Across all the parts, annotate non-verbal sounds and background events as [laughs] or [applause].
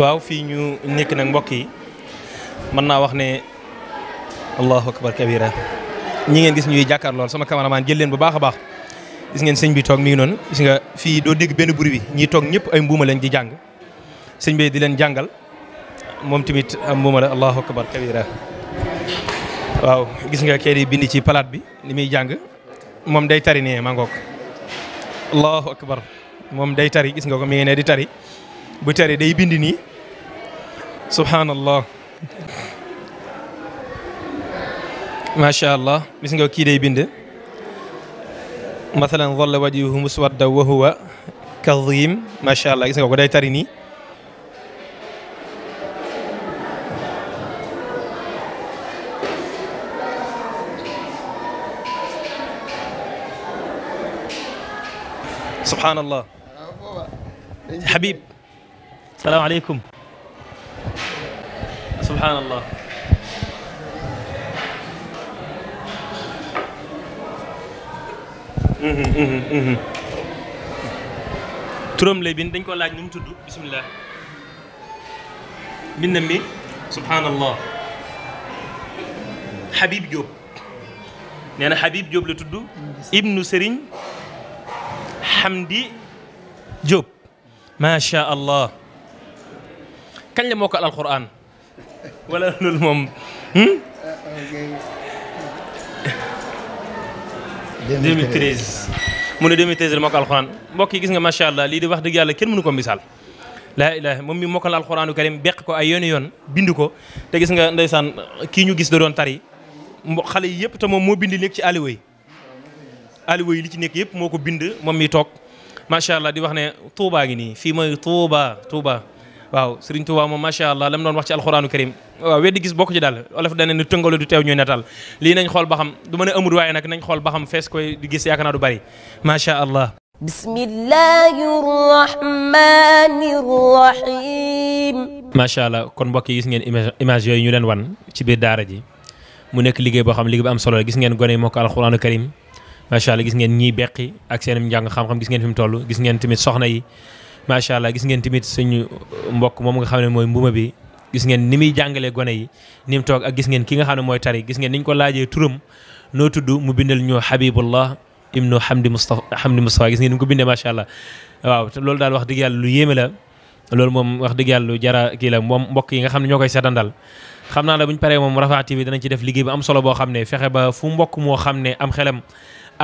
waaw fii ñu nekk nag mbokk yi mën naa wax ne allahu akbar kabira ñi ngeen gis ñuy jàkkaar lool sama cameraman jël leen bu baax a baax gis ngeen sëñ bi toog mi ngi noonu gis nga fii doo dégg benn bruit bi toog ñëpp ay mbuuma leen di jàng sëñ bi di leen jàngal moom tamit am mbuuma la allahu akbar kabira waaw gis nga kee bind ci palaat bi ni muy jàng moom day tari ne maa allahu akbar moom day tari gis nga ko mi ngi ne di tari bu tari day bind nii subhanallah macha allah gis nga kii day bind mathalan dhalla wajhuhu muswadda wa huwa kadhim macha allah gis nga ko day nii subhanallah Habib salaamaaleykum subhaanallah mhm, mhm, mhm. turam lay bind dañ ko laaj nu mu tudd bismillah mbindam mi subhaanallah Habib Diop nee na Habib Diop la tudd ibnu Serigne Hamdi Diop macha allah kañ la moo ko alquran wala loolu moom. Hmm? 2013 mu ne la moo ko alquran mbokk gis nga macha allah lii de wax dëgg yàlla kenn mënu ko misaal. laa ilaha moom mi mokkal alxuraanu karim beq ko ay yooni yoon bind ko te gis nga ndeysaan kii ñu gis da doon tari xale yi yëpp moom moo bind nekk ci aliwa yi aliwa li ci nekk yëpp moo ko bind moom mi toog macha allah di wax ne Touba gi nii fii mooy Touba Touba waaw Serigne Touba moom macha allah la mu doon wax ci alxuraanu karim waaw weddi gis bokk ci daal olof dana ne tëngalo du teew ñuy natal lii nañ xool ba xam du mën a amul waaye nag nañ xool ba xam fees koy di gis yaakaar naa du bari macha allah. bismillahi rahmani rahim. allah kon mbokk gis ngeen image image yooyu ñu leen wan ci biir daara ji mu nekk liggéey boo xam liggéey bu am solo la gis ngeen gone yi moo macha allah gis ngeen ñiy beqi ak seen njàng xam-xam gis ngeen fi mu gis ngeen tamit soxna yi macha allah gis ngeen tamit suñu mbokk moom nga xam ne mooy mbuma bi gis ngeen ni muy jàngalee gone yi ni toog ak gis ngeen ki nga xam ne mooy tari gis ngeen ni ñu ko laajee turam noo tudd mu bindal ñu Habibullah ibnu ko bindee macha allah waaw te loolu daal wax dëgg yàlla lu yéeme la loolu moom wax dëgg yàlla lu jara kii la mbokk yi nga xam ne ñoo koy seetandal xam naa la bu ñu paree moom Rafah TV danañ ci def liggéey bu am solo boo xam ne fexe ba fu mbokk moo xam ne am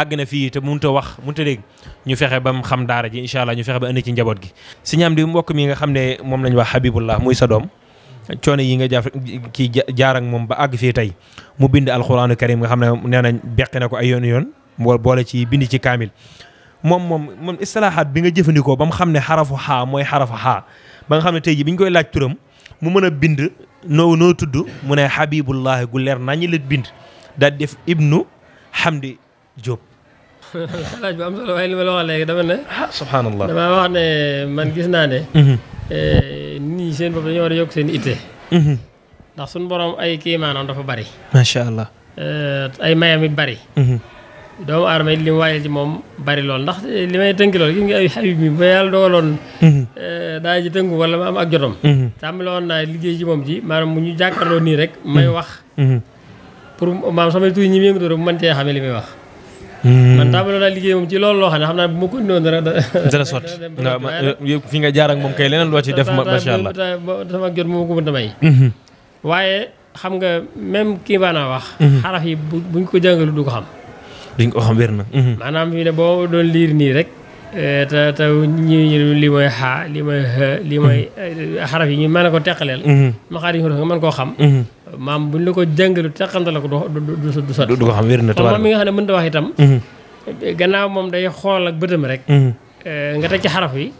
àgg na fii te mënut a wax mënut a dégg ñu fexe ba mu xam daara ji incha allah ñu fexe ba and ci njaboot gi sëñ am di mbokk mi nga xam ne moom lañ wax Habibullah muy sa doom coono yi nga jaaf kii jaar ak moom ba àgg fii tey mu bind alxuraanu karim nga xam ne nee nañ beqi na ko ay yoon yoon boole ci bind ci kaamil moom moom moom istilaahaat bi nga jëfandikoo ba mu xam ne xarafu xaa mooy xarafu xaa ba nga xam ne tey ji bi ñu koy laaj turam mu mën a bind noo noo tudd mu ne Habibullahi gu leer naa ñi la bind daal def ibnu Hamdi Diop laaj bu am solo waaye li ma la wax léegi dama ne. ah subhanallah dama wax ne man gis naa ne. Mhm. Eh, nii seen bopp dañoo war a yokk seen itte. Mhm. ndax suñu borom ay kii maanaam dafa bari. macha allah. Eh, ay mayam it bari. Mhm. doomu aadama it li mu lool ndax eh, li may tënk lool gis nga ay Habib mi ba yàlla dogaloon. daa ji tënku wala ma am ak jotom. tàmbale woon naa liggéey ci moom ji maanaam mu ñu jàkkaarloo nii rek. may wax. pour maanaam samay tuuti ñi mu yëngatu rek mu mën cee xamee li wax. Hmm. man tàmbali naa liggéey moom ci loolu loo xam ne xam naa bu ma ko noonu dara. dara [laughs] sotti [laughs] waaw man euh, fi nga jaar ak moom kay leneen loo ci def. macha allah sama jot hmm. nga même kii baa naa wax. Hmm. yi bu ko jàngalu du ko xam. ko xam wér na. maanaam fi ne boo doon liir nii rek. Eh, te te ñi ñu lii mooy xaa lii mooy lii mooy eh, yi ñu mën ko teqaleel. ma xaar yi nga mën koo xam. maam bu ñu la ko jàngalu taxante la ko du du du sotti. du ko xam wér na tabaar moom mi nga xam ne mënut a wax itam. Mhm. gannaaw moom day xool ak bëtam rek. Mhm. Eh, nga teg ci xaraf yi.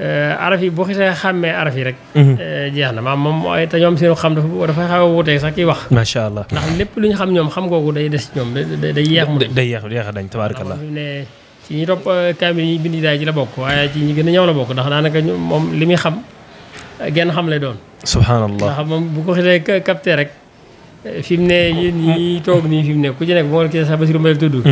Eh, araf yi boo xisee xàmmee araf yi rek. Mhm. Eh, jeex na maam moom te ñoom seen xam dafa dafay xaw a wuutee sax ki wax. macha allah ndax lépp lu ñu xam ñoom xam googu day des ñoom day day yeex mu. day yeex yeex dañ tabaarakallah ne ci ñi topp kaamil yi bind daay ji la bokk waaye ci ñi gën a ñëw la bokk ndax daanaka moom li muy xam genn xam lay doon. subhanallah ndax ah, moom bu ko xëlee capté rek fi mu ne yéen ñi toog nii fi mu ku ci nekk bu ma waxee sax Basiru Mbay mm-hmm. la tudd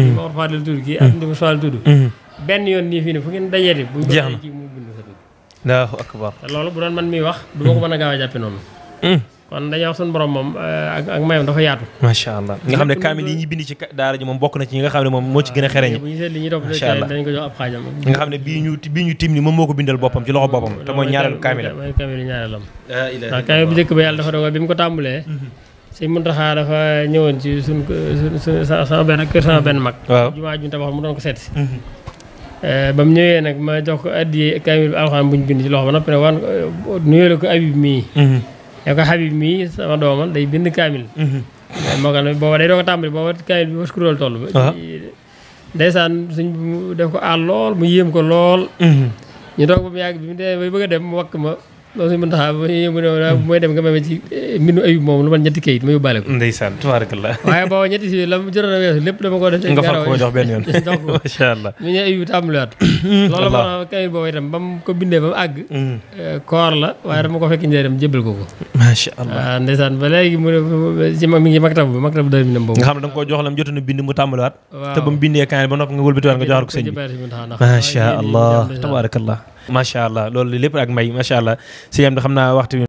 kii Mor mm-hmm. mm-hmm. benn yoon nii fi ne fu ngeen dajeeti bu jeex na mu bind sa tudd allahu akbar loolu bu doon man miy wax du ma ko mën a a jàppe noonu mm. kon dañuy moom eh, ak ak dafa yaatu. macha allah nga xam ne kaamil yi ñuy bind ci daara ji moom bokk na ci ñi nga xam ne moom moo ci gën a xereñ. bu nga xam ne bii ñu bii ñu tim ni moom moo ko bindal boppam ci loxo boppam te mooy ñaareelu kaamil bu njëkk ba yàlla dafa dogal bi mu ko tàmbalee. Mhm. sëñ Muntaxa dafa ñëwoon ci suñ suñ sama benn kër sama benn mag. waaw jumaa ju ñu tabaxoon mu doon ko seet mhm. eh, ba mu ma jox ko addiye kaamil bi alxuraan bu ñu bind ci loxo ba noppi nag wan ko eh, ne ko Habib mii sama doomam day bind kaamil. Mhm. Eh, moo xam ne booba day doog a tàmbali booba kaamil bi mos kuréel toll. ba ah. ndeysaan suñ def lool mu yéem ko lool. Mhm. ñu ba mu yàgg bi mu dee bay bëgg a dem mu wakk loolu suñu muntaxaa mu ne mooy dem nga mame ci eh, mbindu ayib moom lu man ñetti kayit ma yóbbaale ko ndeysaan tabarakallah waaye booba ñetti si la mu jëroon a lépp dama ko def nga jox benn yoon jox ko macha allah mu [coughs] ba mu ko bindee ba mu àgg mm. eh, la waaye dama ko fekk njëriñam jébal ko ko macha allah waaw ah, ba léegi mu ne ci mi ngi maktab xam ne da ko jox la mu a bind mu tàmbaliwaat te ba mu bindee kaay ba noppi nga wëlbatiwaat nga joxaat ko sëñ bi macha allah tabarakallah macha allah loolu lépp ak mbay macha allah si yam xam naa waxtu